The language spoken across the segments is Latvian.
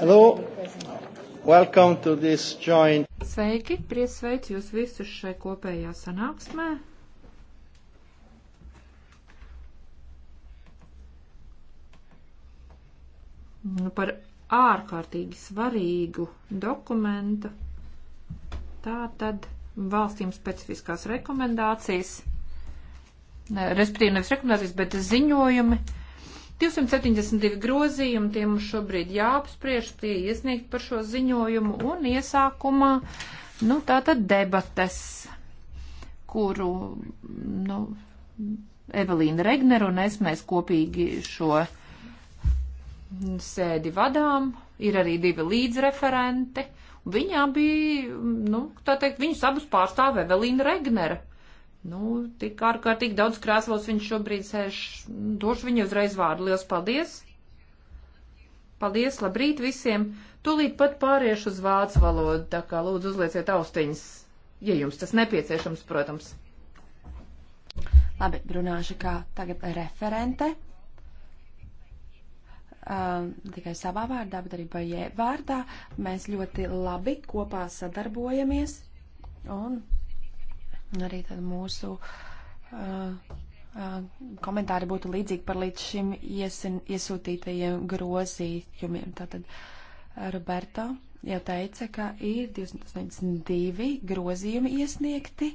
Hello. Welcome to this joint. Sveiki, prieks sveicu jūs visus šai kopējā sanāksmē. Nu, par ārkārtīgi svarīgu dokumentu. Tā tad valstīm specifiskās rekomendācijas respektīvi nevis rekomendācijas, bet ziņojumi. 272 grozījumi, tie mums šobrīd jāapspriež, tie iesniegt par šo ziņojumu un iesākumā, nu, tātad debates, kuru, nu, Evelīna Regner un es mēs kopīgi šo sēdi vadām, ir arī divi līdzreferenti. Viņa bija, nu, tā teikt, viņus abus pārstāv Evelīna Regnera. Nu, tik ārkārtīgi daudz krāslos viņš šobrīd sēž. Došu viņai uzreiz vārdu. Lielas paldies! Paldies, labrīt visiem! Tūlīt pat pāriešu uz vācu valodu, tā kā lūdzu uzlieciet austiņas, ja jums tas nepieciešams, protams. Labi, runāšu kā tagad referente. Um, tikai savā vārdā, bet arī bajē vārdā. Mēs ļoti labi kopā sadarbojamies un Un arī tad mūsu uh, uh, komentāri būtu līdzīgi par līdz šim iesin, iesūtītajiem grozījumiem. Tātad Roberto jau teica, ka ir 282 grozījumi iesniegti,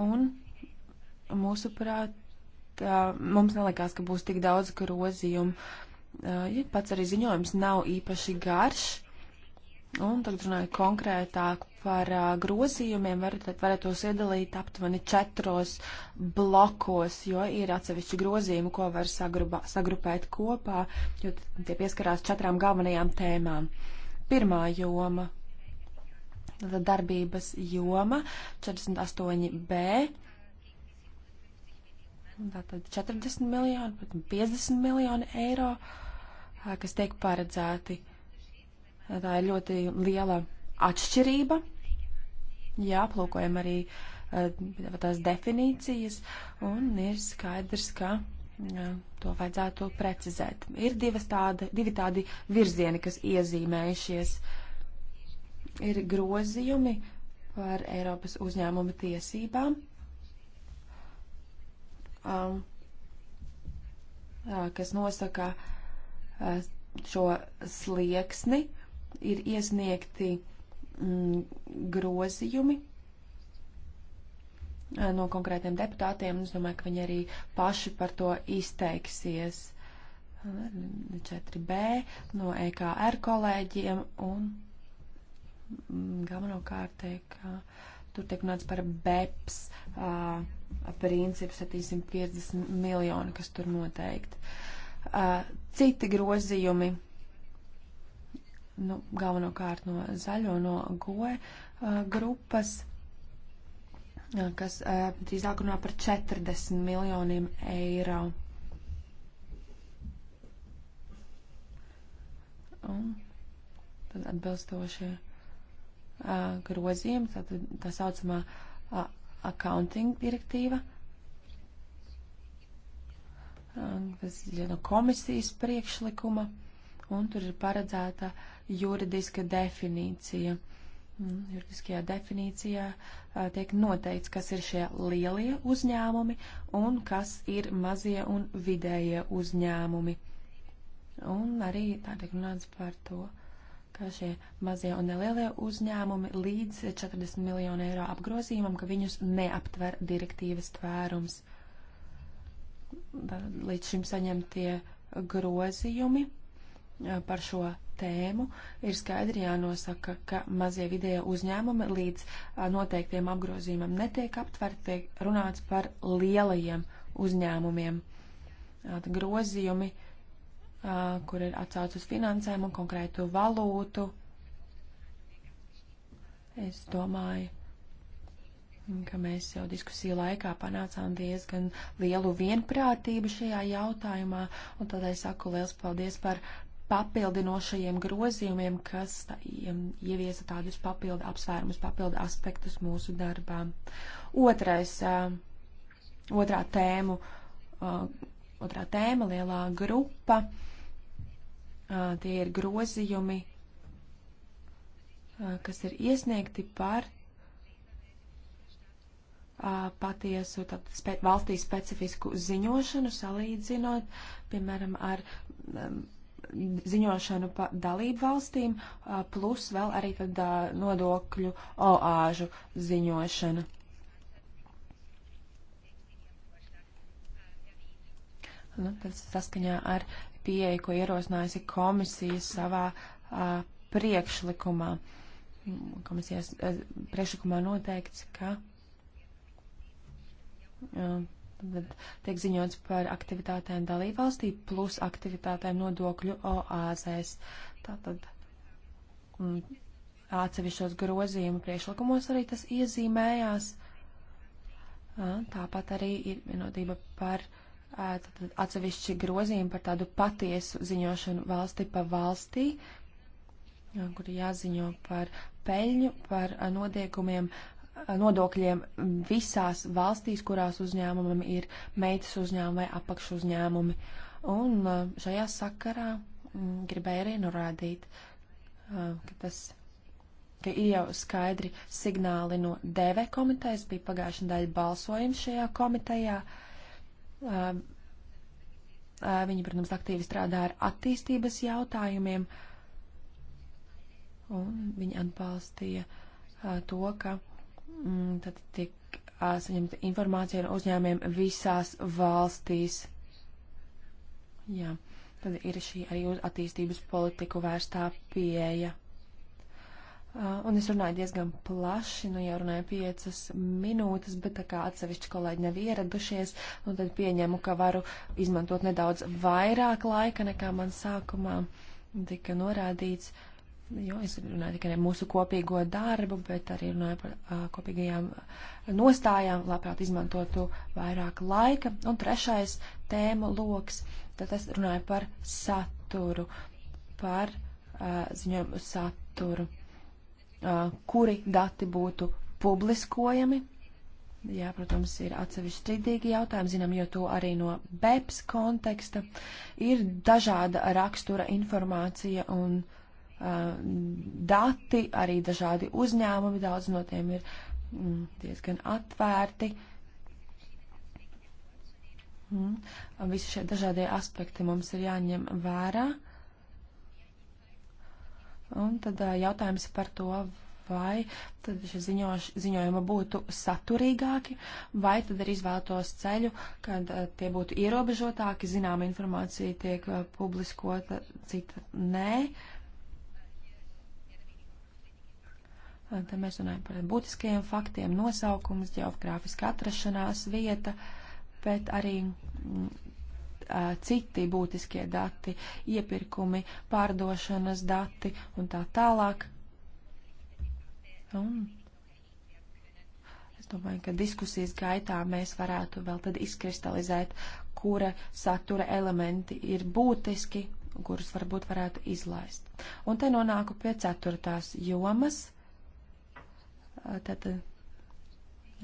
un mūsuprāt, uh, mums nelikās, ka būs tik daudz grozījumu. Uh, ja pats arī ziņojums nav īpaši garš, un tagad runāju konkrētāk par uh, grozījumiem, varat, varat tos iedalīt aptuveni četros blokos, jo ir atsevišķi grozījumi, ko var sagrubā, sagrupēt kopā, jo tie pieskarās četrām galvenajām tēmām. Pirmā joma - darbības joma 48b. Tātad 40 miljoni, 50 miljoni eiro, kas tiek paredzēti. Tā ir ļoti liela atšķirība jāaplūkojam arī eh, tās definīcijas, un ir skaidrs, ka eh, to vajadzētu precizēt. Ir tāda, divi tādi virzieni, kas iezīmējušies. Ir grozījumi par Eiropas uzņēmuma tiesībām, um, eh, kas nosaka šo slieksni, ir iesniegti uh, Mm, grozījumi eh, no konkrētiem deputātiem. Es domāju, ka viņi arī paši par to izteiksies. 4B eh, no EKR kolēģiem un mm, galvenokārt tiek, eh, tur tiek runāts par BEPS principu 750 miljonu, kas tur noteikti. Citi grozījumi nu, galvenokārt no zaļo, no goe uh, grupas, uh, kas uh, drīzāk runā par 40 miljoniem eiro. Un tad atbilstošie uh, grozījumi, tā, tā saucamā uh, accounting direktīva. Uh, tas ir no komisijas priekšlikuma, un tur ir paredzēta uh, juridiska definīcija. Mm, juridiskajā definīcijā tiek noteikts, kas ir šie lielie uzņēmumi un kas ir mazie un vidējie uzņēmumi. Un arī tā tiek runāts par to, ka šie mazie un nelielie uzņēmumi līdz 40 miljonu eiro apgrozījumam, ka viņus neaptver direktīvas tvērums. Līdz šim saņemtie grozījumi par šo tēmu, ir skaidri jānosaka, ka mazie vidēja uzņēmumi līdz noteiktiem apgrozījumam netiek aptverti, tiek runāts par lielajiem uzņēmumiem. Tad grozījumi, kur ir atsauc uz finansēm un konkrētu valūtu, es domāju, ka mēs jau diskusiju laikā panācām diezgan lielu vienprātību šajā jautājumā, un tādēļ saku liels paldies par papildinošajiem grozījumiem, kas ieviesa tādus papildu apsvērumus, papildu aspektus mūsu darbā. Otrais, otrā tēmu, otrā tēma, lielā grupa, tie ir grozījumi, kas ir iesniegti par patiesu spe, valstī specifisku ziņošanu, salīdzinot, piemēram, ar ziņošanu pa dalību valstīm, plus vēl arī tad nodokļu oāžu ziņošana. Nu, tas saskaņā ar pieeju, ko ierosinājusi komisija savā a, priekšlikumā. Komisijas a, priekšlikumā noteikts, ka a, Tad tiek ziņots par aktivitātēm dalībvalstī plus aktivitātēm nodokļu oāzēs. Tātad mm, atsevišķos grozījumu priešlikumos arī tas iezīmējās. Tāpat arī ir vienotība par tātad, atsevišķi grozījumi par tādu patiesu ziņošanu valsti pa valstī, kur jāziņo par peļņu, par nodiekumiem nodokļiem visās valstīs, kurās uzņēmumam ir meitas uzņēmumi vai apakšu uzņēmumi. Un uh, šajā sakarā mm, gribēju arī norādīt, uh, ka tas ka ir jau skaidri signāli no DV komitejas, bija pagājušā nedēļa balsojums šajā komitejā. Uh, viņi, protams, aktīvi strādā ar attīstības jautājumiem, un viņi atbalstīja to, ka Mm, tad tiek saņemta informācija no uzņēmiem visās valstīs. Jā, tad ir šī arī uz attīstības politiku vērstā pieeja. Uh, un es runāju diezgan plaši, nu jau runāju piecas minūtes, bet tā kā atsevišķi kolēģi nav ieradušies, nu tad pieņemu, ka varu izmantot nedaudz vairāk laika, nekā man sākumā tika norādīts. Uh, jo es runāju tikai par mūsu kopīgo darbu, bet arī runāju par uh, kopīgajām nostājām, labprāt izmantotu vairāk laika. Un trešais tēmu loks, tad es runāju par saturu, par uh, ziņojumu saturu, uh, kuri dati būtu publiskojami. Jā, protams, ir atsevišķi strīdīgi jautājumi, zinām, jo to arī no BEPS konteksta ir dažāda rakstura informācija un uh, Eh, dati, arī dažādi uzņēmumi, daudz no tiem ir mm, diezgan atvērti. Mm. Visi šie dažādie aspekti mums ir jāņem vērā. Un tad eh, jautājums par to, vai tad šie ziņoš, ziņojumi būtu saturīgāki, vai tad arī izvēlētos ceļu, kad eh, tie būtu ierobežotāki, zinām informācija tiek publiskota, cita nē. Uh, Tad mēs runājam par būtiskajiem faktiem, nosaukums, geogrāfiska atrašanās vieta, bet arī m, mm, citi būtiskie dati, iepirkumi, pārdošanas dati un tā tālāk. Un es domāju, ka diskusijas gaitā mēs varētu vēl tad izkristalizēt, kura satura elementi ir būtiski, kurus varbūt varētu izlaist. Un te nonāku pie ceturtās jomas tad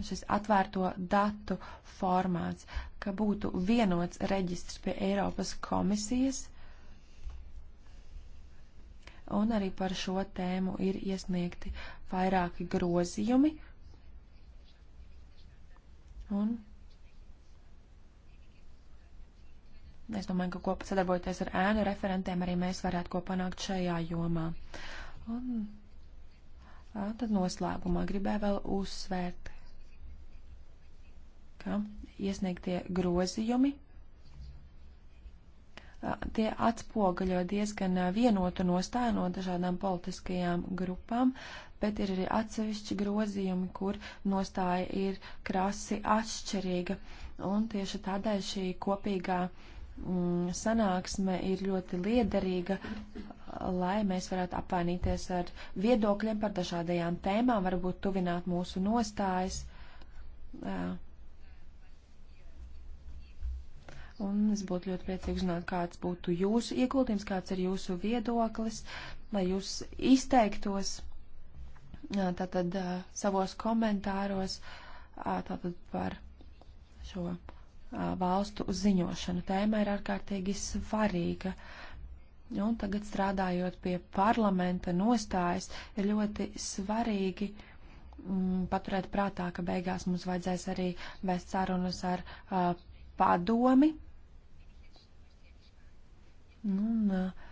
šis atvērto datu formāts, ka būtu vienots reģistrs pie Eiropas komisijas. Un arī par šo tēmu ir iesniegti vairāki grozījumi. Un es domāju, ka kopā sadarbojoties ar ēnu referentiem arī mēs varētu ko panākt šajā jomā. Un Tad noslēgumā gribēju vēl uzsvērt, ka iesniegtie grozījumi tie atspoguļo diezgan vienotu nostāju no dažādām politiskajām grupām, bet ir arī atsevišķi grozījumi, kur nostāja ir krasi atšķirīga. Un tieši tādēļ šī kopīgā uh, Mm, sanāksme ir ļoti liederīga, lai mēs varētu apvainīties ar viedokļiem par dažādajām tēmām, varbūt tuvināt mūsu nostājas. Un es būtu ļoti priecīgi zināt, kāds būtu jūsu ieguldījums, kāds ir jūsu viedoklis, lai jūs izteiktos tātad savos komentāros tātad par šo valstu ziņošanu. Tēma ir ārkārtīgi svarīga. Un tagad strādājot pie parlamenta nostājas, ir ļoti svarīgi mm, paturēt prātā, ka beigās mums vajadzēs arī vēst sarunas ar uh, padomi. Un, uh,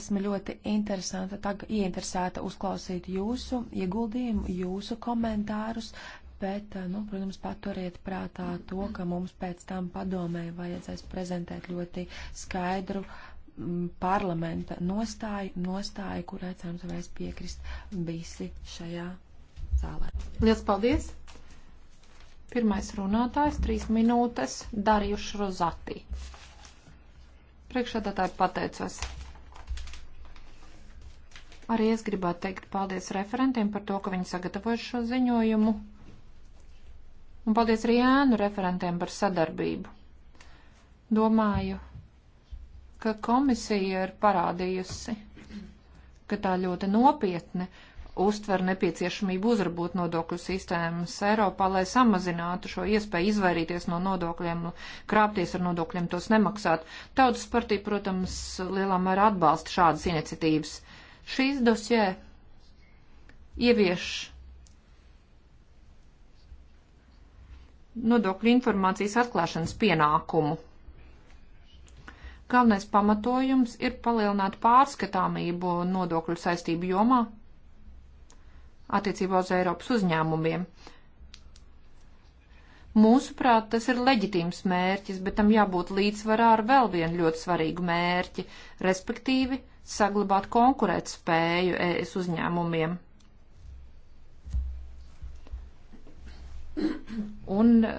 esmu ļoti interesanta, tag, ieinteresēta uzklausīt jūsu ieguldījumu, jūsu komentārus. Bet, eh, nu, protams, paturiet prātā to, ka mums pēc tam padomē vajadzēs prezentēt ļoti skaidru m, mm, parlamenta nostāju, nostāju kurai cerams varēs piekrist visi šajā zālē. Lielas paldies! Pirmais runātājs trīs minūtes Darījuši Rozati. Priekšādātāji pateicos. Arī es gribētu teikt paldies referentiem par to, ka viņi sagatavoja šo ziņojumu Un paldies arī ēnu referentiem par sadarbību. Domāju, ka komisija ir parādījusi, ka tā ļoti nopietni uztver nepieciešamību uzrabot nodokļu sistēmas Eiropā, lai samazinātu šo iespēju izvairīties no nodokļiem, krāpties ar nodokļiem, tos nemaksāt. Tautas partija, protams, lielā mērā atbalsta šādas iniciatīvas. Šīs dosjē ievieš nodokļu informācijas atklāšanas pienākumu. Galvenais pamatojums ir palielināt pārskatāmību nodokļu saistību jomā attiecībā uz Eiropas uzņēmumiem. Mūsuprāt, tas ir leģitīms mērķis, bet tam jābūt līdzsvarā ar vēl vienu ļoti svarīgu mērķi, respektīvi saglabāt konkurētspēju ES uzņēmumiem. un eh,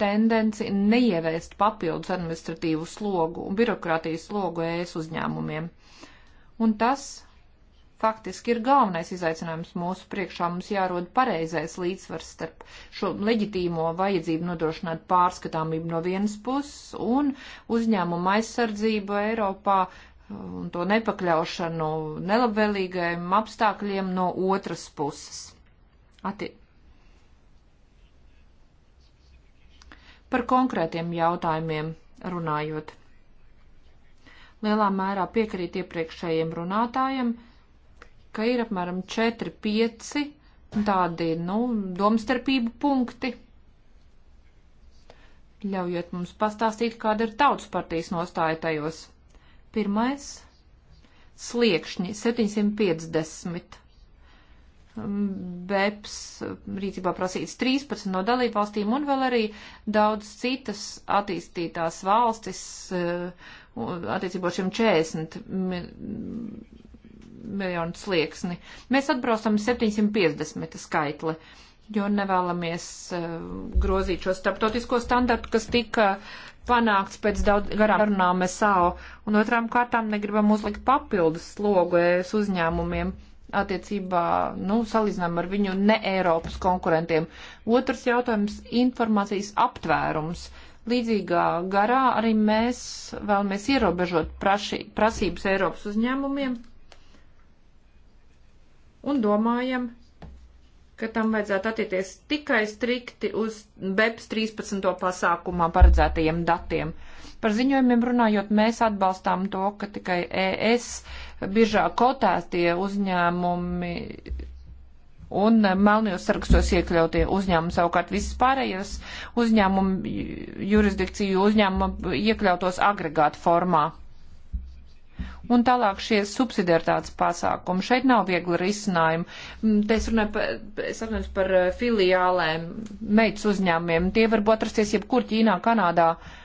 tendenci neievēst papildus administratīvu slogu un birokrātijas slogu ES uzņēmumiem. Un tas faktiski ir galvenais izaicinājums mūsu priekšā. Mums jārod pareizais līdzsvars starp šo leģitīmo vajadzību nodrošināt pārskatāmību no vienas puses un uzņēmumu aizsardzību Eiropā eh, un to nepakļaušanu nelabvēlīgajiem apstākļiem no otras puses. Ati Par konkrētiem jautājumiem runājot. Lielā mērā piekrīt iepriekšējiem runātājiem, ka ir apmēram 4-5 tādi, nu, domstarpību punkti. Ļaujiet mums pastāstīt, kāda ir tautas partijas nostāja tajos. Pirmais - sliekšņi 750. Um, BEPS um, rīcībā prasīts 13 no dalībvalstīm un vēl arī daudz citas attīstītās valstis uh, attiecībā šiem 40 miljonu slieksni. Mēs atbraucam 750 skaitli, jo nevēlamies uh, grozīt šo starptautisko standartu, kas tika panākts pēc daudz garām runām SAO, un otrām kārtām negribam uzlikt papildus slogu es uzņēmumiem attiecībā, nu, salīdzinām ar viņu ne Eiropas konkurentiem. Otrs jautājums - informācijas aptvērums. Līdzīgā garā arī mēs vēlamies ierobežot praši, prasības Eiropas uzņēmumiem un domājam, ka tam vajadzētu attiekties tikai strikti uz BEPS 13. pasākumā paredzētajiem datiem. Par ziņojumiem runājot, mēs atbalstām to, ka tikai ES biržā kotās tie uzņēmumi un melnījos sarakstos iekļautie uzņēmumi. Savukārt visas pārējās uzņēmumu jurisdikciju uzņēmumu iekļautos agregātu formā. Un tālāk šie subsidiaritātes pasākumi. Šeit nav viegli risinājumi. Mm, te es runāju par, es eh, runāju par filiālēm, meitas uzņēmumiem. Tie var atrasties jebkur Ķīnā, Kanādā. Uh,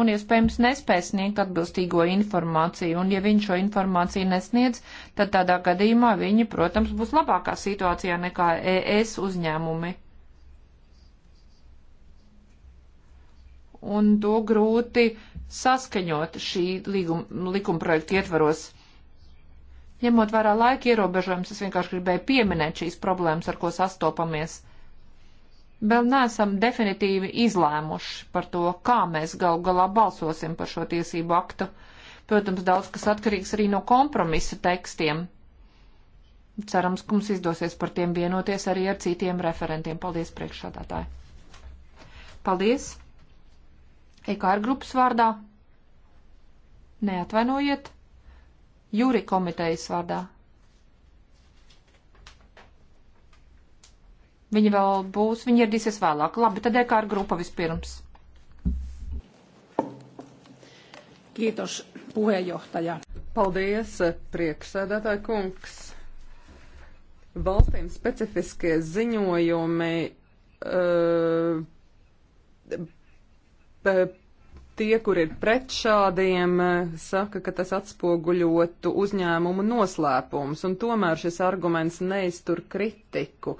un iespējams ja nespēj sniegt atbilstīgo informāciju, un ja viņš šo informāciju nesniedz, tad tādā gadījumā viņi, protams, būs labākā situācijā nekā ES uzņēmumi. Un to grūti saskaņot šī likumprojekta ietvaros. Ņemot vērā laika ierobežojumus, es vienkārši gribēju pieminēt šīs problēmas, ar ko sastopamies vēl neesam definitīvi izlēmuši par to, kā mēs gal galā balsosim par šo tiesību aktu. Protams, daudz kas atkarīgs arī no kompromisa tekstiem. Cerams, ka mums izdosies par tiem vienoties arī ar citiem referentiem. Paldies, priekšsādātāji! Paldies! EKR grupas vārdā. Neatvainojiet! Jūri komitejas vārdā. Viņi vēl būs, viņi ieradīsies vēlāk. Labi, tad EKR grupa vispirms. Kītos, puhejohtaja. Paldies, prieksēdētāji kungs. Valstīm specifiskie ziņojumi. Uh, Tie, kur ir pret šādiem, saka, ka tas atspoguļotu uzņēmumu noslēpums, un tomēr šis arguments neiztur kritiku,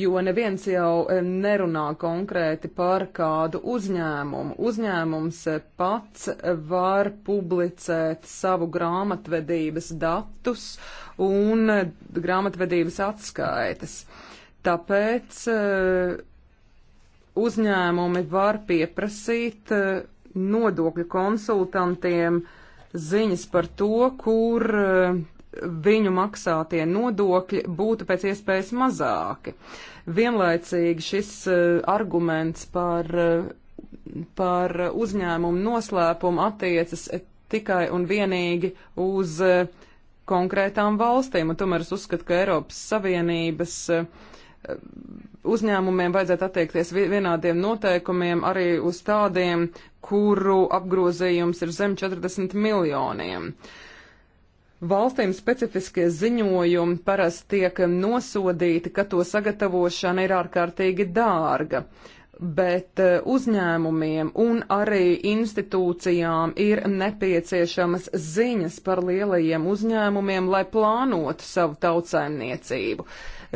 jo neviens jau eh, nerunā konkrēti par kādu uzņēmumu. Uzņēmums eh, pats eh, var publicēt savu grāmatvedības datus un grāmatvedības atskaitas. Tāpēc uzņēmumi var pieprasīt nodokļu konsultantiem ziņas par to, kur eh, viņu maksātie nodokļi būtu pēc iespējas mazāki. Vienlaicīgi šis eh, arguments par, eh, par uzņēmumu noslēpumu attiecas tikai un vienīgi uz konkrētām valstīm, un tomēr es uzskatu, ka Eiropas Savienības uh, uzņēmumiem vajadzētu attiekties vienādiem noteikumiem arī uz tādiem, kuru apgrozījums ir zem 40 miljoniem. Valstīm specifiskie ziņojumi parasti tiek nosodīti, ka to sagatavošana ir ārkārtīgi dārga, bet eh, uzņēmumiem un arī institūcijām ir nepieciešamas ziņas par lielajiem uzņēmumiem, lai plānotu savu tautsaimniecību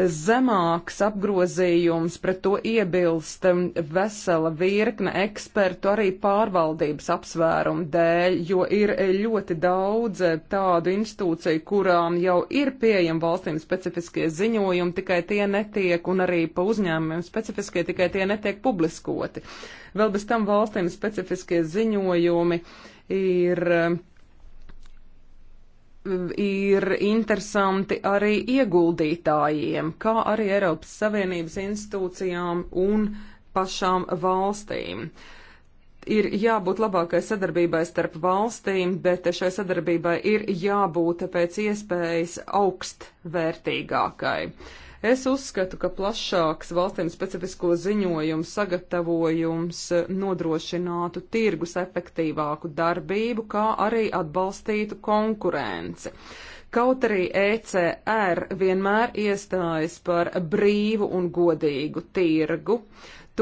zemāks apgrozījums, pret to iebilst um, vesela virkne ekspertu arī pārvaldības apsvērumu dēļ, jo ir eh, ļoti daudz eh, tādu institūciju, kurām jau ir pieejami valstīm specifiskie ziņojumi, tikai tie netiek, un arī pa uzņēmumiem specifiskie, tikai tie netiek publiskoti. Vēl bez tam valstīm specifiskie ziņojumi ir eh, ir interesanti arī ieguldītājiem, kā arī Eiropas Savienības institūcijām un pašām valstīm. Ir jābūt labākai sadarbībai starp valstīm, bet šai sadarbībai ir jābūt pēc iespējas augstvērtīgākai. Uh, Es uzskatu, ka plašāks valstīm specifisko ziņojumu sagatavojums nodrošinātu tirgus efektīvāku darbību, kā arī atbalstītu konkurenci. Kaut arī ECR vienmēr iestājas par brīvu un godīgu tirgu,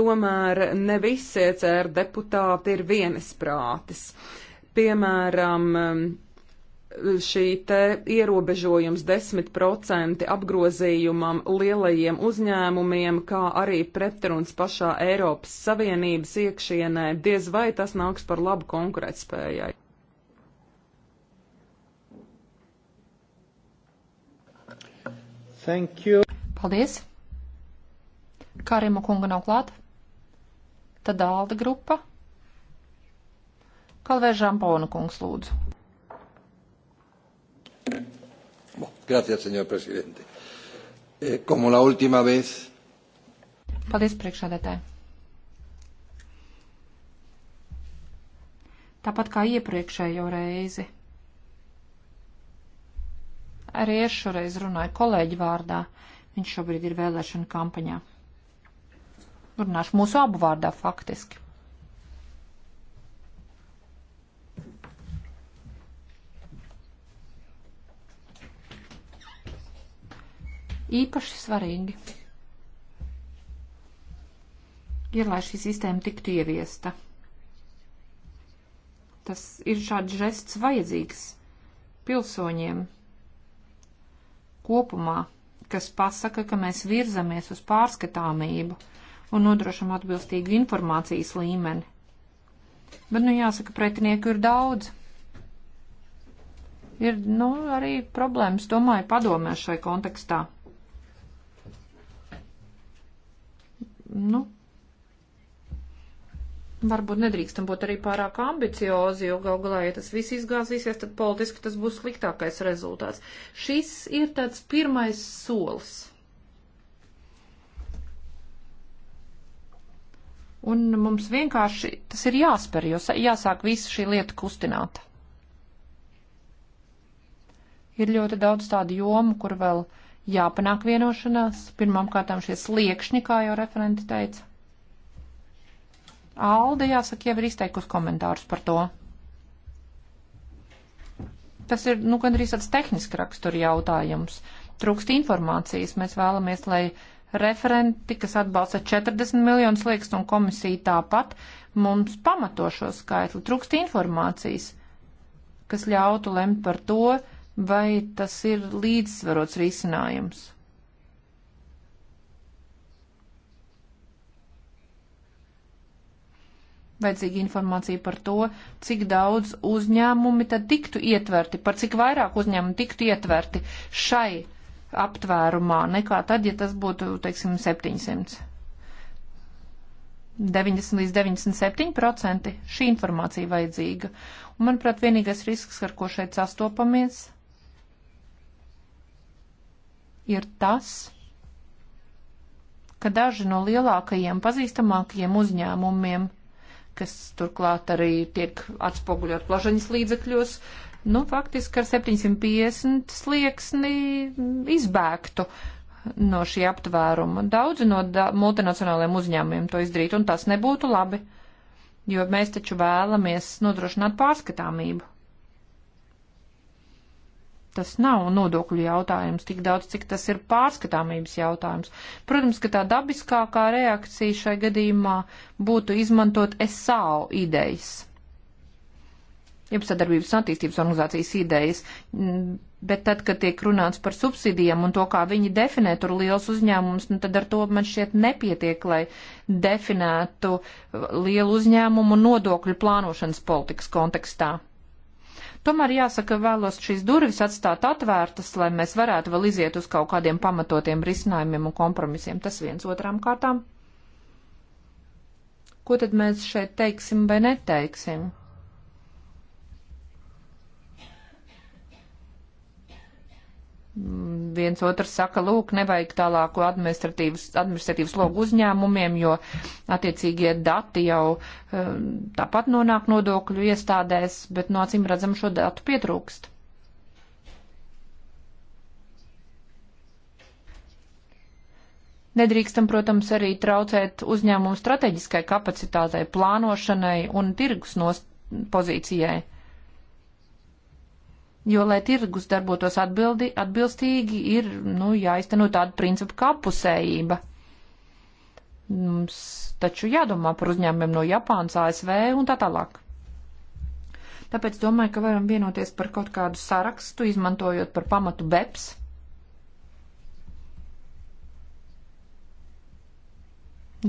tomēr ne visi ECR deputāti ir vienisprātis. Piemēram, šī te ierobežojums 10% apgrozījumam lielajiem uzņēmumiem, kā arī pretruns pašā Eiropas Savienības iekšienē, diez vai tas nāks par labu konkurētspējai. Thank you. Paldies. Karimu kunga nav klāt. Tad Alda grupa. Kalvēžām Pauna kungs lūdzu. Gracias, señor presidente. Eh, como la última vez. Paldies, priekšādātāji. Tāpat kā iepriekšējo reizi. Arī es šoreiz runāju kolēģi vārdā. Viņš šobrīd ir vēlēšana kampaņā. Runāšu mūsu abu vārdā faktiski. īpaši svarīgi ir, lai šī sistēma tiktu ieviesta. Tas ir šāds žests vajadzīgs pilsoņiem kopumā, kas pasaka, ka mēs virzamies uz pārskatāmību un nodrošam atbilstīgu informācijas līmeni. Bet, nu, jāsaka, pretinieku ir daudz. Ir, nu, arī problēmas, domāju, padomē šai kontekstā. nu, varbūt nedrīkstam būt arī pārāk ambiciozi, jo gal galā, ja tas viss izgāzīsies, tad politiski tas būs sliktākais rezultāts. Šis ir tāds pirmais solis. Un mums vienkārši tas ir jāsper, jo jāsāk visa šī lieta kustināt. Ir ļoti daudz tādu jomu, kur vēl uh, jāpanāk vienošanās. Pirmām kārtām šie sliekšņi, kā jau referenti teica. Alde, jāsaka, jau ir izteikusi komentārus par to. Tas ir, nu, gandrīz tāds tehniski rakstura jautājums. Trūkst informācijas. Mēs vēlamies, lai referenti, kas atbalsta 40 miljonus liekas un komisija tāpat, mums pamato šo skaitli. Trūkst informācijas, kas ļautu lemt par to, uh, vai tas ir līdzsvarots risinājums? Vajadzīga informācija par to, cik daudz uzņēmumi tad tiktu ietverti, par cik vairāk uzņēmumu tiktu ietverti šai aptvērumā, nekā tad, ja tas būtu, teiksim, 700. 90 līdz 97 procenti šī informācija vajadzīga. Un, manuprāt, vienīgais risks, ar ko šeit sastopamies, ir tas, ka daži no lielākajiem, pazīstamākajiem uzņēmumiem, kas turklāt arī tiek atspoguļot plašaņas līdzekļos, nu, faktiski ar 750 slieksni izbēgtu no šī aptvēruma. Daudzi no da multinacionāliem uzņēmumiem to izdarītu, un tas nebūtu labi, jo mēs taču vēlamies nodrošināt pārskatāmību tas nav nodokļu jautājums tik daudz, cik tas ir pārskatāmības jautājums. Protams, ka tā dabiskākā reakcija šai gadījumā būtu izmantot SAO idejas, jeb sadarbības un attīstības organizācijas idejas, mm, bet tad, kad tiek runāts par subsidijām un to, kā viņi definē tur liels uzņēmums, nu tad ar to man šķiet nepietiek, lai definētu lielu uzņēmumu nodokļu plānošanas politikas kontekstā. Tomēr jāsaka, vēlos šīs durvis atstāt atvērtas, lai mēs varētu vēl iziet uz kaut kādiem pamatotiem risinājumiem un kompromisiem. Tas viens otrām kārtām. Ko tad mēs šeit teiksim vai neteiksim? viens otrs saka, lūk, nevajag tālāko administratīvu slogu uzņēmumiem, jo attiecīgie dati jau eh, tāpat nonāk nodokļu iestādēs, bet no acīm redzam šo datu pietrūkst. Nedrīkstam, protams, arī traucēt uzņēmumu strateģiskai kapacitātei, plānošanai un tirgus pozīcijai. Jo, lai tirgus darbotos atbildi, atbilstīgi, ir nu, jāizteno tāda principa kā pusējība. Mums taču jādomā par uzņēmumiem no Japānas, ASV un tā tālāk. Tāpēc domāju, ka varam vienoties par kaut kādu sarakstu, izmantojot par pamatu BEPS.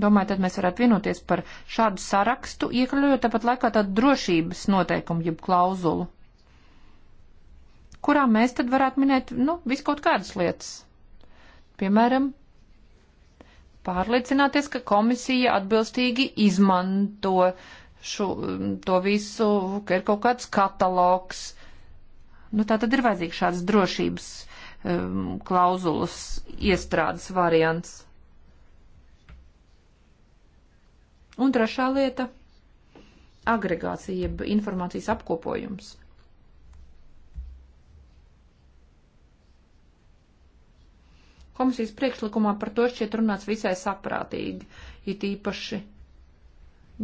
Domāju, tad mēs varētu vienoties par šādu sarakstu, iekļaujot tāpat laikā tādu drošības noteikumu, jeb klauzulu kurā mēs tad varētu minēt, nu, viskaut kādas lietas. Piemēram, pārliecināties, ka komisija atbilstīgi izmanto šo, to visu, ka ir kaut kāds katalogs. Nu, tā tad ir vajadzīgs šāds drošības um, klauzulas iestrādes variants. Un trešā lieta - agregācija, jeb informācijas apkopojums. Komisijas priekšlikumā par to šķiet runāts visai saprātīgi, it īpaši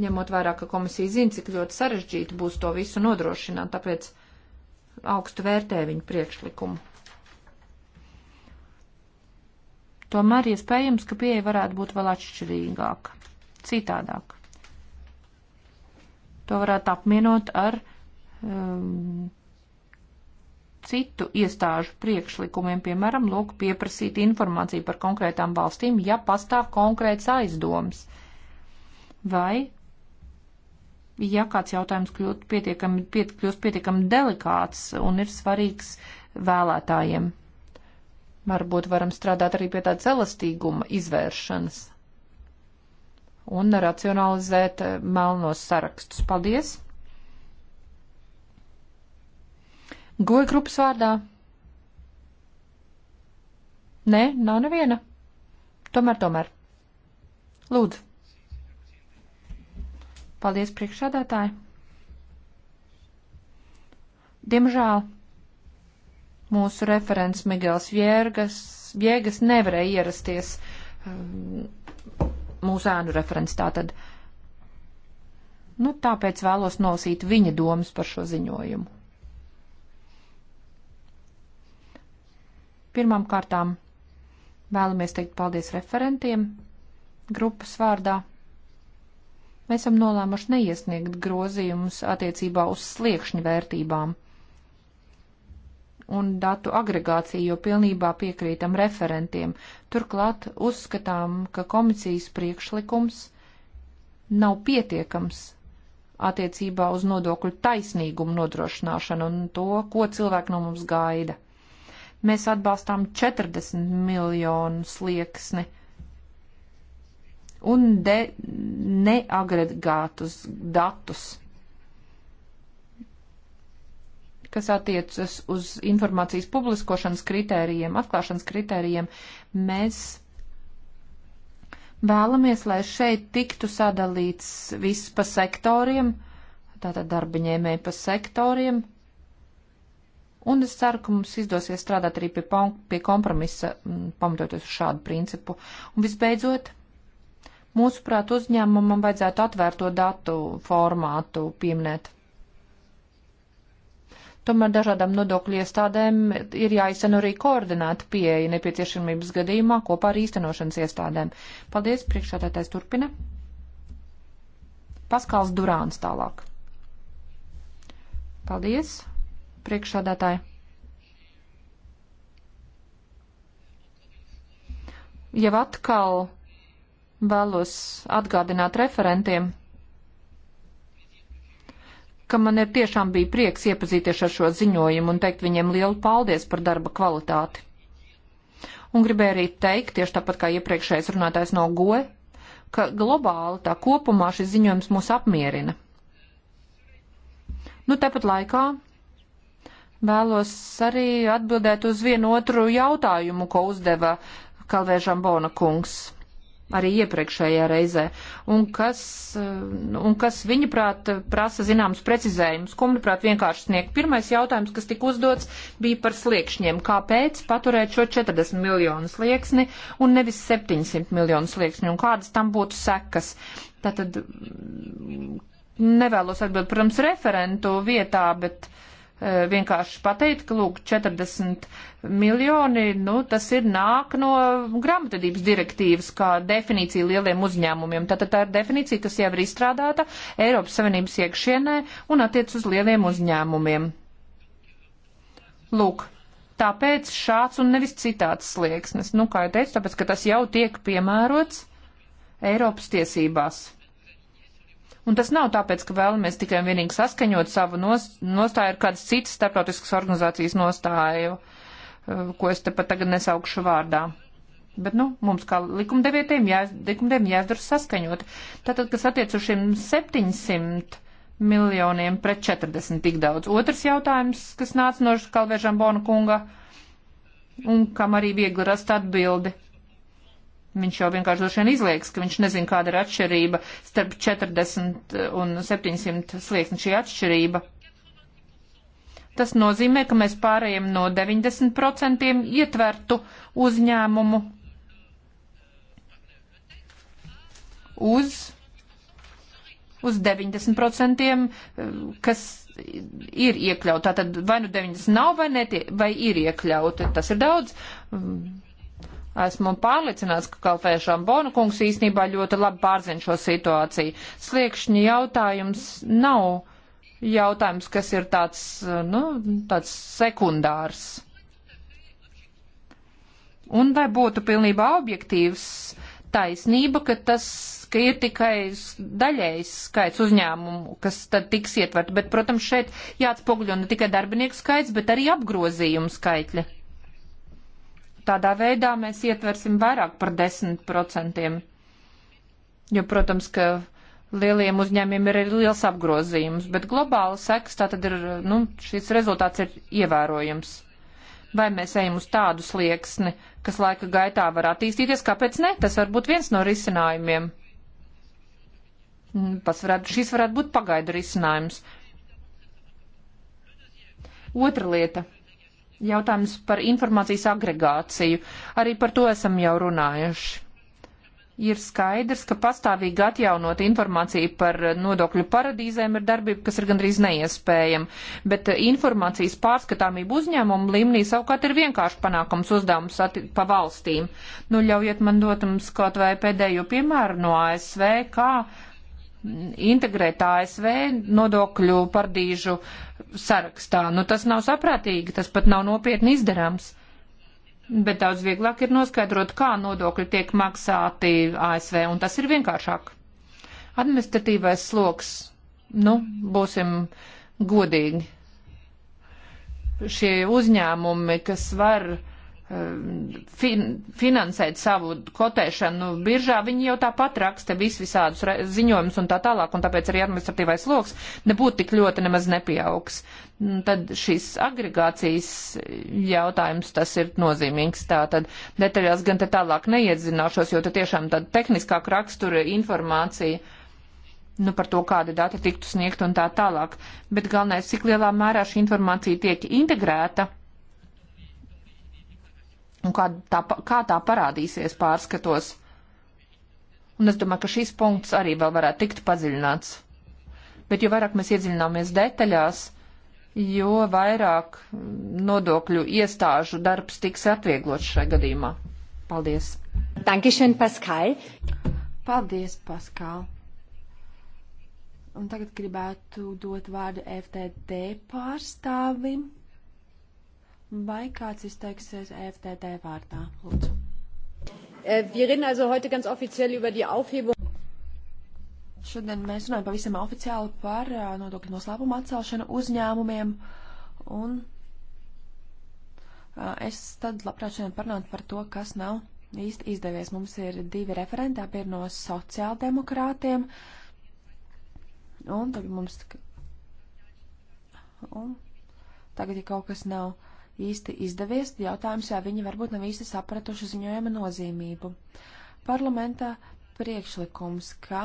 ņemot vērā, ka komisija zina, cik ļoti sarežģīti būs to visu nodrošināt, tāpēc augstu vērtē viņu priekšlikumu. Tomēr iespējams, ka pieeja varētu būt vēl atšķirīgāka, citādāka. To varētu apmienot ar um, citu iestāžu priekšlikumiem, piemēram, lūk, pieprasīt informāciju par konkrētām valstīm, ja pastāv konkrēts aizdoms. Vai, ja kāds jautājums kļūst pietiekami, piet, kļūst pietiekami delikāts un ir svarīgs vēlētājiem, varbūt varam strādāt arī pie tādas elastīguma izvēršanas un racionalizēt eh, melnos sarakstus. Paldies! Goja grupas vārdā? Nē, nav neviena. Tomēr, tomēr. Lūdzu. Paldies priekšsādātāji. Diemžēl mūsu referents Migels Viergas, Viegas nevarēja ierasties um, mūsu ēnu referents tātad. Nu, tāpēc vēlos nosīt viņa domas par šo ziņojumu. Pirmām kārtām vēlamies teikt paldies referentiem grupas vārdā. Mēs esam nolēmuši neiesniegt grozījumus attiecībā uz sliekšņu vērtībām un datu agregāciju, jo pilnībā piekrītam referentiem. Turklāt uzskatām, ka komisijas priekšlikums nav pietiekams attiecībā uz nodokļu taisnīgumu nodrošināšanu un to, ko cilvēki no mums gaida. Mēs atbalstām 40 miljonu slieksni un de, neagregātus datus, kas attiecas uz informācijas publiskošanas kritērijiem, atklāšanas kritērijiem. Mēs vēlamies, lai šeit tiktu sadalīts viss pa sektoriem, tātad darbaņēmēji pa sektoriem Un es ceru, ka mums izdosies strādāt arī pie, pie kompromisa, mm, pamatoties uz šādu principu. Un visbeidzot, mūsuprāt, uzņēmumam vajadzētu atvērto datu formātu pieminēt. Tomēr dažādām nodokļu iestādēm ir jāizseno arī koordinēta pieeja nepieciešamības gadījumā kopā ar īstenošanas iestādēm. Paldies, priekšādātais turpina. Paskals Durāns tālāk. Paldies! priekšsādātāji. Jau atkal vēlos atgādināt referentiem, ka man ir tiešām bija prieks iepazīties ar šo ziņojumu un teikt viņiem lielu paldies par darba kvalitāti. Un gribēju arī teikt, tieši tāpat kā iepriekšējais runātājs no GOE, ka globāli tā kopumā šis ziņojums mūs apmierina. Nu, tāpat laikā Vēlos arī atbildēt uz vienu otru jautājumu, ko uzdeva Kalvēžam Bona kungs arī iepriekšējā reizē, un kas, nu, un kas viņaprāt prasa zināms precizējums, ko manuprāt vienkārši sniegt. Pirmais jautājums, kas tika uzdots, bija par sliekšņiem. Kāpēc paturēt šo 40 miljonu slieksni un nevis 700 miljonu slieksni, un kādas tam būtu sekas? Tātad nevēlos atbildēt, protams, referentu vietā, bet. Uh, Eh, vienkārši pateikt, ka lūk, 40 miljoni, nu, tas ir nāk no grāmatvedības direktīvas kā definīcija lieliem uzņēmumiem. Tātad tā ir definīcija, kas jau ir izstrādāta Eiropas Savienības iekšienē un attiec uz lieliem uzņēmumiem. Lūk, tāpēc šāds un nevis citāds slieksnis. Nu, kā jau teicu, tāpēc, ka tas jau tiek piemērots Eiropas tiesībās. Un tas nav tāpēc, ka vēlamies tikai un vienīgi saskaņot savu nostāju ar kādas citas starptautiskas organizācijas nostāju, eh, ko es te pat tagad nesaukšu vārdā. Bet, nu, mums kā likumdevietiem jā, likumdeviem jāizdara saskaņot. Tātad, kas attiec uz šiem 700 miljoniem pret 40 tik daudz. Otrs jautājums, kas nāca no Kalvēžam Bona kunga, un kam arī viegli rast atbildi Viņš jau vienkārši droši vien izliekas, ka viņš nezina, kāda ir atšķirība starp 40 un 700 slieksni šī atšķirība. Tas nozīmē, ka mēs pārējiem no 90% ietvertu uzņēmumu uz, uz 90%, kas ir iekļauta. Tātad vai nu 90 nav, vai, netie, vai ir iekļauta. Tas ir daudz. Mm Esmu pārliecināts, ka Kalpēšām Bonu kungs īstenībā ļoti labi pārzina šo situāciju. Sliekšņi jautājums nav jautājums, kas ir tāds, eh, nu, tāds sekundārs. Un vai būtu pilnībā objektīvs taisnība, ka tas, ka ir tikai daļējs skaits uzņēmumu, kas tad tiks ietvert, bet, protams, šeit jāatspoguļo ne tikai darbinieku skaits, bet arī apgrozījumu skaitļi. Tādā veidā mēs ietversim vairāk par 10%. Jo, protams, ka lieliem uzņēmiem ir liels apgrozījums, bet globāla seks tātad ir, nu, šis rezultāts ir ievērojams. Vai mēs ejam uz tādu slieksni, kas laika gaitā var attīstīties, kāpēc ne? Tas var būt viens no risinājumiem. Pats varētu, šis varētu būt pagaidu risinājums. Otra lieta jautājums par informācijas agregāciju. Arī par to esam jau runājuši. Ir skaidrs, ka pastāvīgi atjaunot informāciju par nodokļu paradīzēm ir darbība, kas ir gandrīz neiespējama, bet informācijas pārskatāmība uzņēmumu līmenī savukārt ir vienkārši panākams uzdevums pa valstīm. Nu, ļaujiet man dot jums kaut vai pēdējo piemēru no ASV, kā integrēt ASV nodokļu pardīžu sarakstā. Nu, tas nav saprātīgi, tas pat nav nopietni izdarāms. Bet daudz vieglāk ir noskaidrot, kā nodokļi tiek maksāti ASV, un tas ir vienkāršāk. Administratīvais sloks, nu, būsim godīgi. Šie uzņēmumi, kas var uh, fin finansēt savu kotēšanu biržā, viņi jau tāpat raksta vis visādus ziņojumus un tā tālāk, un tāpēc arī administratīvais sloks nebūtu tik ļoti nemaz nepieaugs. Nu, tad šīs agregācijas jautājums, tas ir nozīmīgs. Tā tad detaļās gan te tālāk neiedzināšos, jo te tiešām tāda tehniskāka rakstura informācija nu, par to, kādi dati tiktu sniegt un tā tālāk. Bet galvenais, cik lielā mērā šī informācija tiek integrēta un kā tā, kā tā parādīsies pārskatos. Un es domāju, ka šis punkts arī vēl varētu tikt padziļināts. Bet jo vairāk mēs iedziļināmies detaļās, jo vairāk nodokļu iestāžu darbs tiks atvieglots šajā gadījumā. Paldies! Dankišen, Paskal! Paldies, Paskal! Un tagad gribētu dot vārdu FTD pārstāvim. Vai kāds izteiksies EFTT vārdā? Lūdzu. Äh, wir reden also heute ganz offiziell über die Aufhebung. Šodien mēs runājam pavisam oficiāli par äh, nodokļu noslēpumu atcelšanu uzņēmumiem. Un äh, es tad labprāt šodien parunātu par to, kas nav īsti izdevies. Mums ir divi referenti, abi ir no sociāldemokrātiem. Un tagad mums. Un tagad, ja kaut kas nav īsti izdevies. Jautājums, vai viņi varbūt nav īsti sapratuši ziņojuma nozīmību. Parlamentā priekšlikums, ka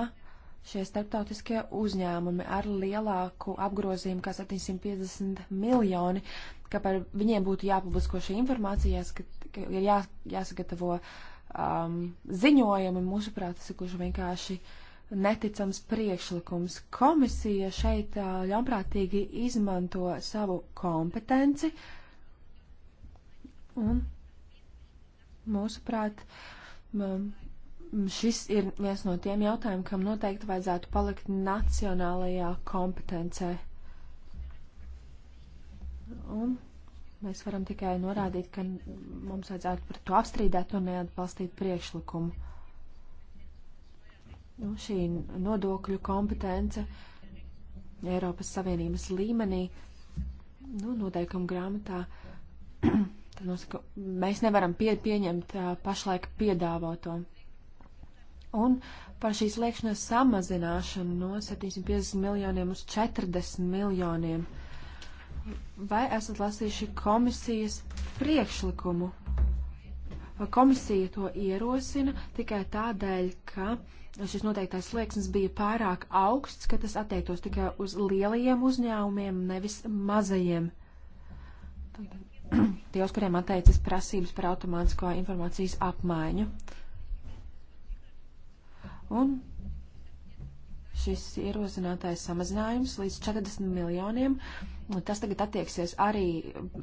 šie starptautiskie uzņēmumi ar lielāku apgrozījumu kā 750 miljoni, ka par viņiem būtu jāpublisko šī informācija, ir jā, jāsagatavo um, ziņojumi. Mūsuprāt, tas ir kurš vienkārši neticams priekšlikums. Komisija šeit uh, ļaunprātīgi izmanto savu kompetenci, uh, Un, mūsuprāt, šis ir viens no tiem jautājumiem, kam noteikti vajadzētu palikt nacionālajā kompetencē. Un mēs varam tikai norādīt, ka mums vajadzētu par to apstrīdēt un neatbalstīt priekšlikumu. Nu, šī nodokļu kompetence Eiropas Savienības līmenī nu, noteikumu grāmatā Tā nosaka, mēs nevaram pie, pieņemt uh, pašlaik piedāvāto. Un par šīs liekšanas samazināšanu no 750 miljoniem uz 40 miljoniem. Vai esat lasījuši komisijas priekšlikumu? Komisija to ierosina tikai tādēļ, ka šis noteiktais slieksnis bija pārāk augsts, ka tas attiektos tikai uz lielajiem uzņēmumiem, nevis mazajiem. Tātad tie, uz kuriem attiecas prasības par automātisko informācijas apmaiņu. Un šis ierosinātais samazinājums līdz 40 miljoniem, tas tagad attieksies arī,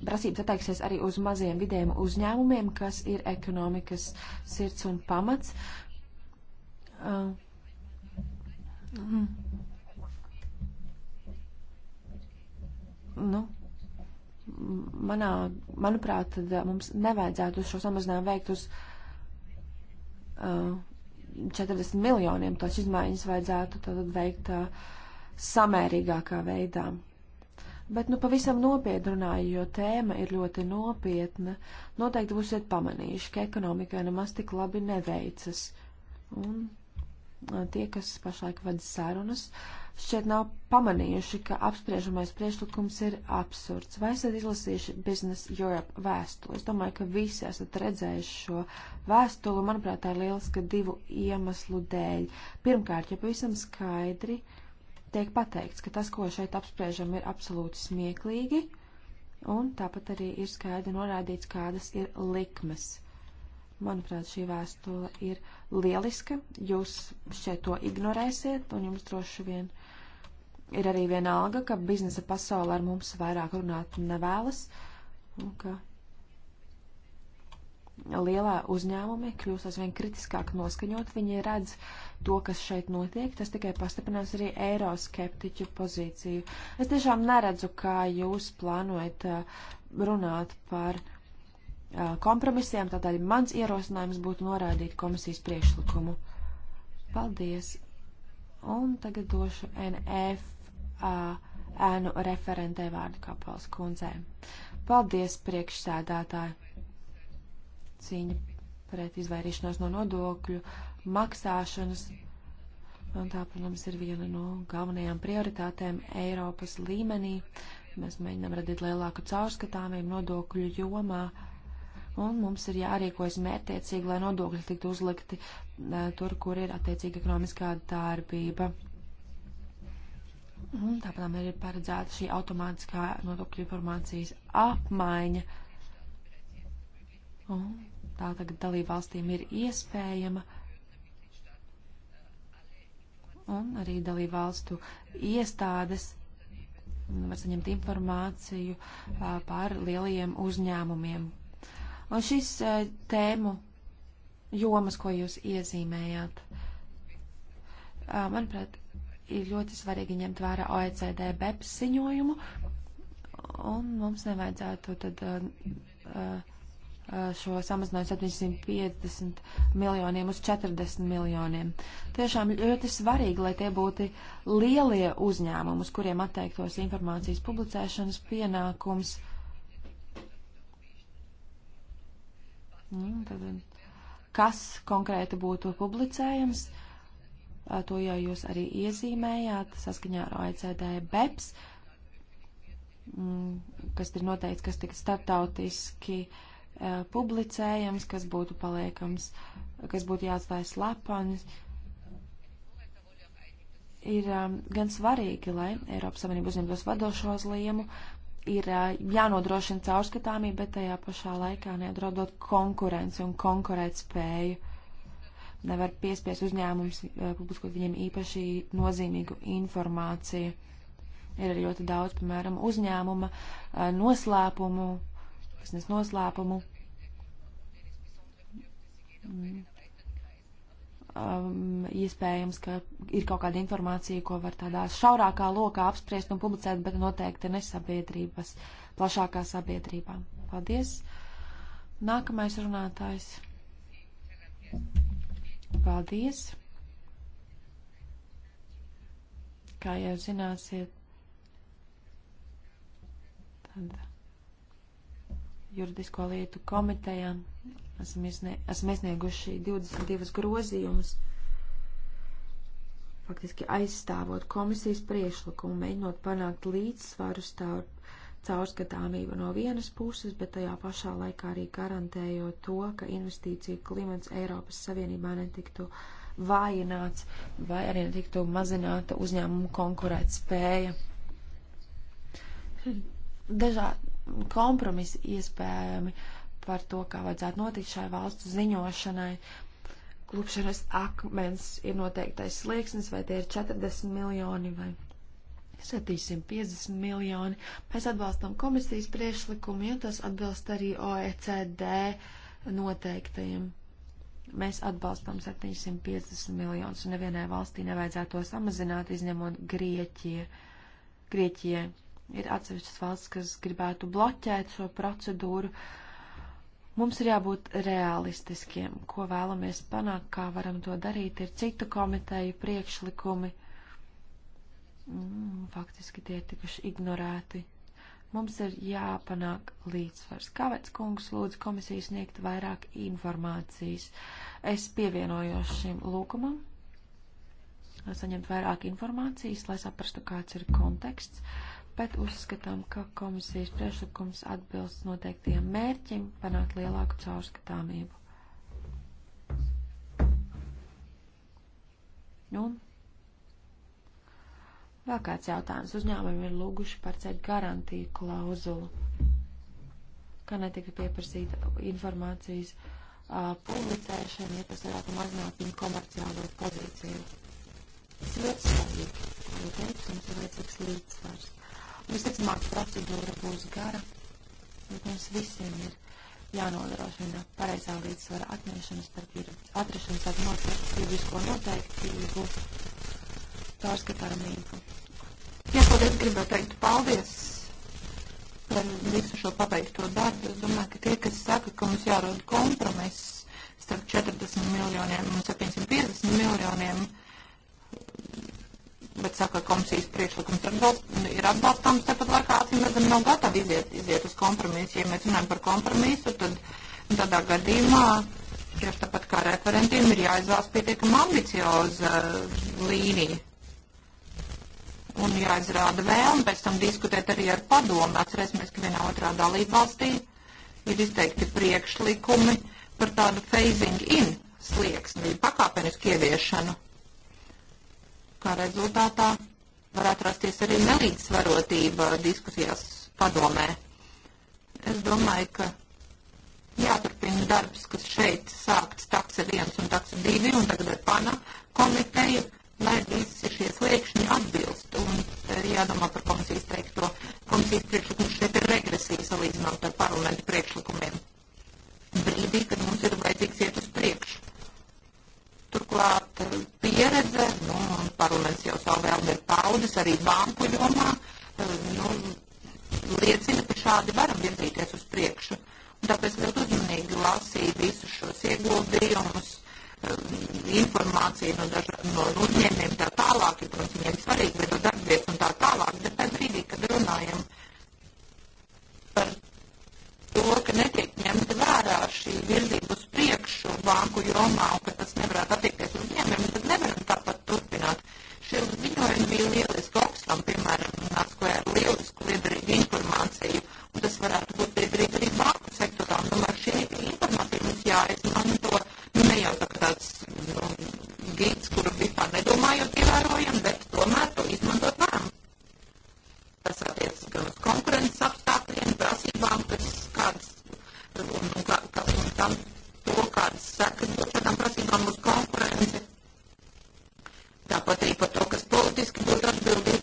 prasības attieksies arī uz maziem vidējiem uzņēmumiem, kas ir ekonomikas sirds un pamats. Uh, mm. nu, manā, manuprāt, tad uh, mums nevajadzētu šo samazinājumu veikt uz uh, 40 miljoniem. Tās izmaiņas vajadzētu tad veikt uh, samērīgākā veidā. Bet, nu, pavisam nopietni runāju, jo tēma ir ļoti nopietna. Noteikti būsiet pamanījuši, ka ekonomikai nemaz tik labi neveicas. Un Eh, tie, kas pašlaik vada sarunas, šķiet nav pamanījuši, ka apspriežamais priešlikums ir absurds. Vai esat izlasījuši Business Europe vēstuli? Es domāju, ka visi esat redzējuši šo vēstuli. Manuprāt, tā ir lieliska divu iemeslu dēļ. Pirmkārt, ja pavisam skaidri tiek pateikts, ka tas, ko šeit apspriežam, ir absolūti smieklīgi, un tāpat arī ir skaidri norādīts, kādas ir likmes Manuprāt, šī vēstule ir lieliska. Jūs šeit to ignorēsiet, un jums droši vien ir arī viena alga, ka biznesa pasaule ar mums vairāk runāt nevēlas, un ka lielā uzņēmumi kļūs aizvien kritiskāk noskaņot. Viņi redz to, kas šeit notiek, tas tikai pastiprinās arī eiroskeptiķu pozīciju. Es tiešām neredzu, kā jūs plānojat uh, runāt par uh, kompromisiem, tādēļ mans ierosinājums būtu norādīt komisijas priekšlikumu. Paldies! Un tagad došu NF ēnu referentē vārdu kapels kundzē. Paldies, priekšsēdētāji! Cīņa pret izvairīšanos no nodokļu, maksāšanas. Un tā, protams, ir viena no galvenajām prioritātēm Eiropas līmenī. Mēs mēģinām radīt lielāku caurskatāmību nodokļu jomā. Uh, un mums ir jārīkojas mērtiecīgi, lai nodokļi tiktu uzlikti e, tur, kur ir attiecīga ekonomiskā darbība. Un tāpēc ir paredzēta šī automātiskā nodokļu informācijas apmaiņa. Un tā tagad dalībvalstīm ir iespējama. Un arī dalībvalstu iestādes var saņemt informāciju e, par lielajiem uzņēmumiem, Un šis e, tēmu jomas, ko jūs iezīmējāt, e, manuprāt, ir ļoti svarīgi ņemt vērā OECD BEPS ziņojumu, un mums nevajadzētu tad e, šo samazinājumu 750 miljoniem uz 40 miljoniem. Tiešām ļoti svarīgi, lai tie būtu lielie uzņēmumi, uz kuriem atteiktos informācijas publicēšanas pienākums. Nu, tad, kas konkrēti būtu publicējams, to jau jūs arī iezīmējāt saskaņā ar OECD BEPS, mm, kas ir noteikts, kas tiks starptautiski publicējams, kas būtu paliekams, kas būtu jāatstāj slepenis ir um, gan svarīgi, lai Eiropas Savienība uzņemtos vadošos liemu, ir eh, jānodrošina caurskatāmība, bet tajā pašā laikā neapdraudot konkurenci un konkurēt spēju. Nevar piespies uzņēmums eh, publiskot viņiem īpaši nozīmīgu informāciju. Ir arī ļoti daudz, piemēram, uzņēmuma eh, noslēpumu, kas nes noslēpumu. Mm um, iespējams, ka ir kaut kāda informācija, ko var tādā šaurākā lokā apspriest un publicēt, bet noteikti ne sabiedrības, plašākā sabiedrībā. Paldies! Nākamais runātājs. Paldies! Kā jau zināsiet, tad juridisko lietu komitejā esam, iesnie, esam iesnieguši 22 grozījumus, faktiski aizstāvot komisijas priešlikumu, mēģinot panākt līdzsvaru starp caurskatāmību no vienas puses, bet tajā pašā laikā arī garantējot to, ka investīciju klimats Eiropas Savienībā netiktu vājināts vai arī netiktu mazināta uzņēmumu konkurēt spēja. Dažādi kompromisi iespējami par to, kā vajadzētu notikt šai valstu ziņošanai. Klupšanas akmens ir noteiktais slieksnis, vai tie ir 40 miljoni vai 750 miljoni. Mēs atbalstam komisijas priešlikumu, jo tas atbilst arī OECD noteiktajiem. Mēs atbalstam 750 miljonus, un nevienai valstī nevajadzētu to samazināt, izņemot Grieķiju. Grieķijai ir atsevišķas valsts, kas gribētu bloķēt šo procedūru. Mums ir jābūt realistiskiem. Ko vēlamies panākt, kā varam to darīt, ir citu komiteju priekšlikumi. Mm, faktiski tie ir tikuši ignorēti. Mums ir jāpanāk līdzsvars. Kāpēc kungs lūdz komisiju sniegt vairāk informācijas? Es pievienojos šim lūkumam saņemt vairāk informācijas, lai saprastu, kāds ir konteksts bet uzskatām, ka komisijas priekšlikums atbilst noteiktajiem mērķim panākt lielāku caurskatāmību. Un nu, vēl kāds jautājums. Uzņēmumi ir lūguši par ceļu garantiju klauzulu, ka netika pieprasīta informācijas uh, publicēšana, ja tas varētu mazināt viņu komerciālo pozīciju. Tas ir ļoti svarīgi. Ieteikums ir vajadzīgs līdzsvars. Visticamāk, procedūra būs gara, bet mums visiem ir jānodrošina pareizā līdzsvara atņemšana starp atrašanas ar juridisko noteiktību, pārskatāmību. Iesloties gribētu teikt paldies par visu šo pabeigto darbu. Es domāju, ka tie, kas saka, ka mums jārod kompromiss starp 40 miljoniem un 750 miljoniem, bet saka, ka komisijas priekšlikums atbalst, ir atbalstāms, tāpat laikā acīm redzam nav gatavi iziet, iziet uz kompromisu. Ja mēs runājam par kompromisu, tad tādā gadījumā, tieši tāpat kā referentiem, ir jāizvēlas pietiekama ambicioza līnija un jāizrāda vēlme pēc tam diskutēt arī ar padomu. Atcerēsimies, ka vienā otrā dalībvalstī ir izteikti priekšlikumi par tādu phasing in slieksni, pakāpenisku ieviešanu kā rezultātā varētu rasties arī nelīdzsvarotība diskusijās padomē. Es domāju, ka jāturpina darbs, kas šeit sākts taksa 1 un taksa 2 un tagad ar pana komiteju, lai visi šie sliekšņi atbilst un jādomā par komisijas teikto. Komisijas priekšlikums šeit ir regresija salīdzinot ar parlamentu priekšlikumiem. Brīdī, kad mums ir vajadzīgs iet uz priekšu. Turklāt eh, pieredze, nu, parlaments jau savu vēlmi ir paudis arī banku jomā, eh, nu, liecina, ka šādi varam virzīties uz priekšu. Un tāpēc ļoti uzmanīgi lasīju visus šos ieguldījumus, eh, informāciju no, daža, no uzņēmiem tā tālāk, jo, protams, viņiem svarīgi veidot darbvietas un tā tālāk, bet tajā brīdī, kad runājam par to, ka netiek ņemta vērā šī virzība uz priekšu banku jomā un ka tas nevarētu attiekties uz uzņēmumiem, tad nevaram tāpat turpināt. Šie ziņojumi bija lieliski opslam, piemēram, nāca klajā ar lielisku liederīgu informāciju, un tas varētu būt liederīgi arī banku sektorā. Un, domāju, šī informācija mums jāizmanto nu, ne jau tā kā tāds nu, gids, kuru vispār nedomājot ievērojam, bet tomēr to izmantot varam. Tas attiecas gan uz konkurences apstākļiem, kādiem prasībām, kas kādas un, un, kā, un tam to, kādas sekas būtu šādām prasībām uz konkurenci. Tāpat arī par to, kas politiski būtu atbildīgi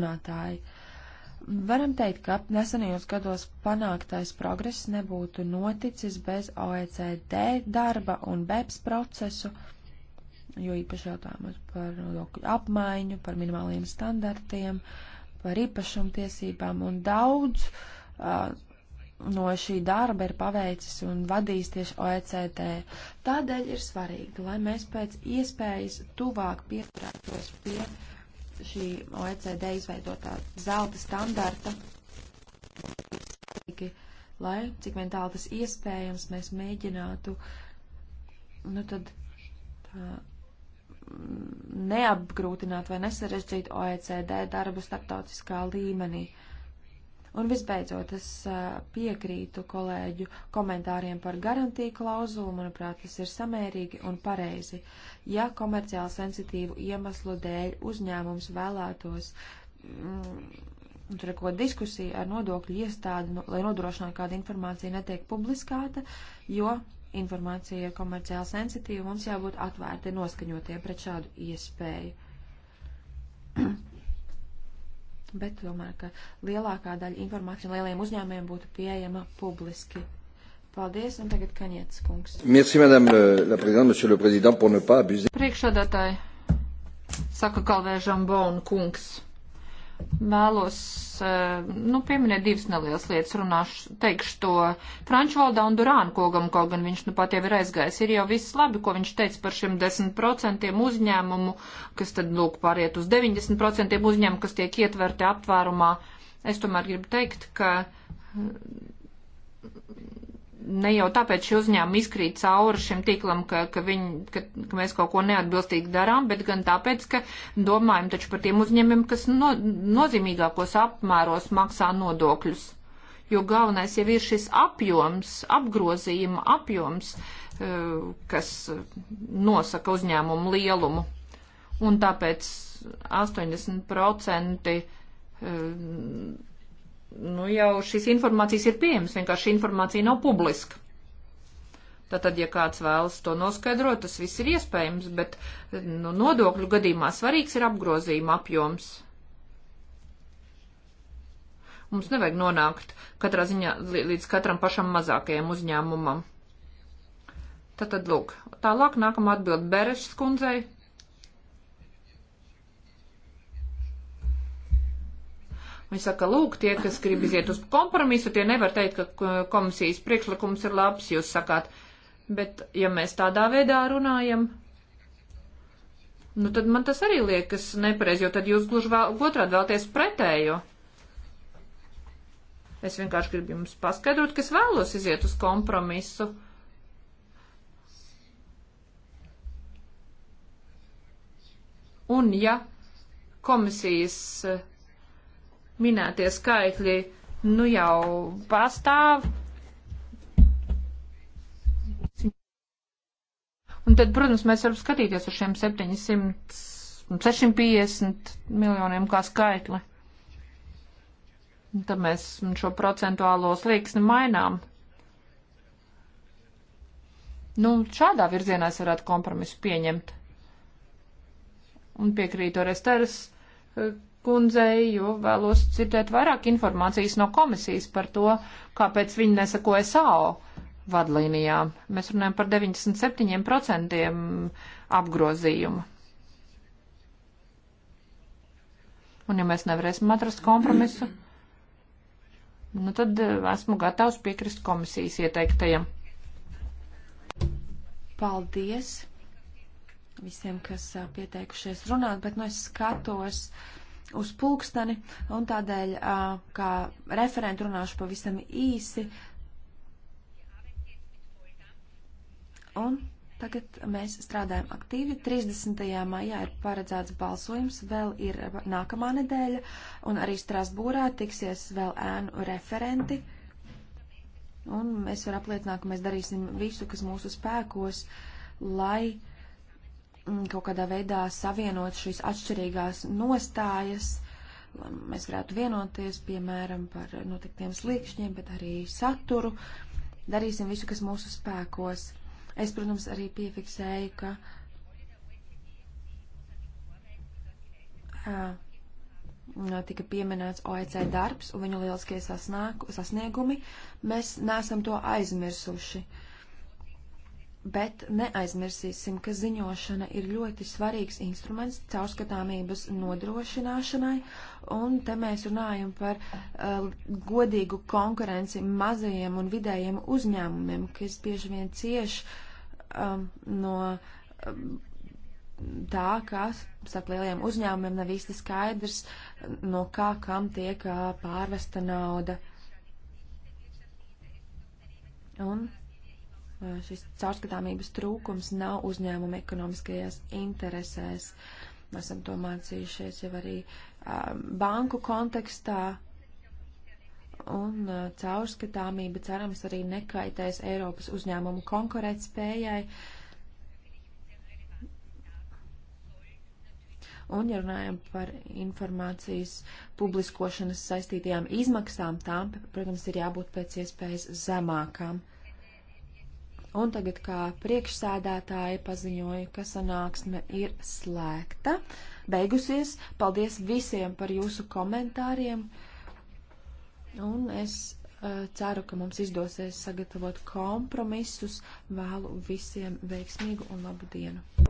runātāji. Varam teikt, ka nesenajos gados panāktais progress nebūtu noticis bez OECD darba un BEPS procesu, jo īpaši jautājumos par nodokļu apmaiņu, par minimāliem standartiem, par īpašumtiesībām un daudz uh, no šī darba ir paveicis un vadījis tieši OECD. Tādēļ ir svarīgi, lai mēs pēc iespējas tuvāk pieturētos pie šī OECD izveidotā zelta standarta, lai, cik vien tālu tas iespējams, mēs mēģinātu, nu tad, tā, neapgrūtināt vai nesarežģīt OECD darbu starptautiskā līmenī. Uh, Un visbeidzot, es piekrītu kolēģu komentāriem par garantiju klauzulu. Manuprāt, tas ir samērīgi un pareizi. Ja komerciāli sensitīvu iemeslu dēļ uzņēmums vēlētos mm, tur ir kaut kāda diskusija ar nodokļu iestādi, no, nu, lai nodrošinātu, kāda informācija netiek publiskāta, jo informācija ir komerciāli sensitīva, mums jābūt atvērti noskaņotie pret šādu iespēju. bet domāju, ka lielākā daļa informācija lieliem uzņēmējiem būtu pieejama publiski. Paldies, un tagad Kaņietis kungs. Merci, madame la présidente, monsieur le président, pour ne pas abuser. Priekšādātāji, saka Kalvēžam Baunu kungs. Vēlos, eh, nu, pieminēt divas nelielas lietas, runāšu, teikšu to franču valodā un Durānu kogam, kaut gan viņš nu pat jau ir aizgājis. Ir jau viss labi, ko viņš teica par šiem 10% uzņēmumu, kas tad, lūk, pāriet uz 90% uzņēmumu, kas tiek ietverti aptvērumā. Es tomēr gribu teikt, ka ne jau tāpēc šie uzņēmumi izkrīt cauri šim tīklam, ka, ka, viņi, ka, ka mēs kaut ko neatbilstīgi darām, bet gan tāpēc, ka domājam taču par tiem uzņēmumiem, kas no, nozīmīgākos apmēros maksā nodokļus. Jo galvenais jau ir šis apjoms, apgrozījuma apjoms, eh, kas nosaka uzņēmumu lielumu. Un tāpēc 80% nu jau šīs informācijas ir pieejamas, vienkārši informācija nav publiska. Tātad, ja kāds vēlas to noskaidrot, tas viss ir iespējams, bet nu, nodokļu gadījumā svarīgs ir apgrozījuma apjoms. Mums nevajag nonākt katrā ziņā līdz katram pašam mazākajam uzņēmumam. Tātad, lūk, tālāk nākamā atbild Berešas kundzei. Viņi saka, lūk, tie, kas grib iziet uz kompromisu, tie nevar teikt, ka komisijas priekšlikums ir labs, jūs sakāt. Bet, ja mēs tādā veidā runājam, nu tad man tas arī liekas nepareizi, jo tad jūs gluži vēl, otrādi vēlties pretējo. Es vienkārši gribu jums paskaidrot, ka es vēlos iziet uz kompromisu. Un ja komisijas minētie skaitļi nu jau pastāv. Un tad, protams, mēs varam skatīties uz šiem 700, 650 miljoniem kā skaitli. Un tad mēs šo procentuālo slīksni mainām. Nu, šādā virzienā es varētu kompromisu pieņemt. Un piekrītu Resteres kundzei, jo vēlos dzirdēt vairāk informācijas no komisijas par to, kāpēc viņi nesakoja SAO vadlīnijām. Mēs runājam par 97% apgrozījumu. Un ja mēs nevarēsim atrast kompromisu, nu tad eh, esmu gatavs piekrist komisijas ieteiktajam. Paldies visiem, kas eh, pieteikušies runāt, bet nu es skatos. Uh, uz pulksteni, un tādēļ, kā referentu runāšu pavisam īsi. Un tagad mēs strādājam aktīvi. 30. maijā ir paredzēts balsojums, vēl ir nākamā nedēļa, un arī Strasbūrā tiksies vēl ēnu referenti. Un mēs varam apliecināt, ka mēs darīsim visu, kas mūsu spēkos, lai uh, Mm, kaut kādā veidā savienot šīs atšķirīgās nostājas, lai mēs varētu vienoties, piemēram, par noteiktiem sliekšņiem, bet arī saturu. Darīsim visu, kas mūsu spēkos. Es, protams, arī piefiksēju, ka uh, tika pieminēts OECD darbs un viņu lieliskie sasniegumi. Mēs neesam to aizmirsuši. Uh, Bet neaizmirsīsim, ka ziņošana ir ļoti svarīgs instruments caurskatāmības nodrošināšanai, un te mēs runājam par uh, godīgu konkurenci mazajiem un vidējiem uzņēmumiem, kas bieži vien cieš um, no um, tā, ka starp lieliem uzņēmumiem nav īsti skaidrs, no kā kam tiek uh, pārvesta nauda. Un Eh, šis caurskatāmības trūkums nav uzņēmuma ekonomiskajās interesēs. Mēs esam to mācījušies jau arī eh, banku kontekstā. Un eh, caurskatāmība cerams arī nekaitēs Eiropas uzņēmumu konkurētspējai. Un, ja runājam par informācijas publiskošanas saistītajām izmaksām, tām, protams, ir jābūt pēc iespējas zemākām. Uh, Un tagad, kā priekšsēdētāji paziņoja, ka sanāksme ir slēgta, beigusies. Paldies visiem par jūsu komentāriem. Un es uh, ceru, ka mums izdosies sagatavot kompromisus. Vēlu visiem veiksmīgu un labu dienu.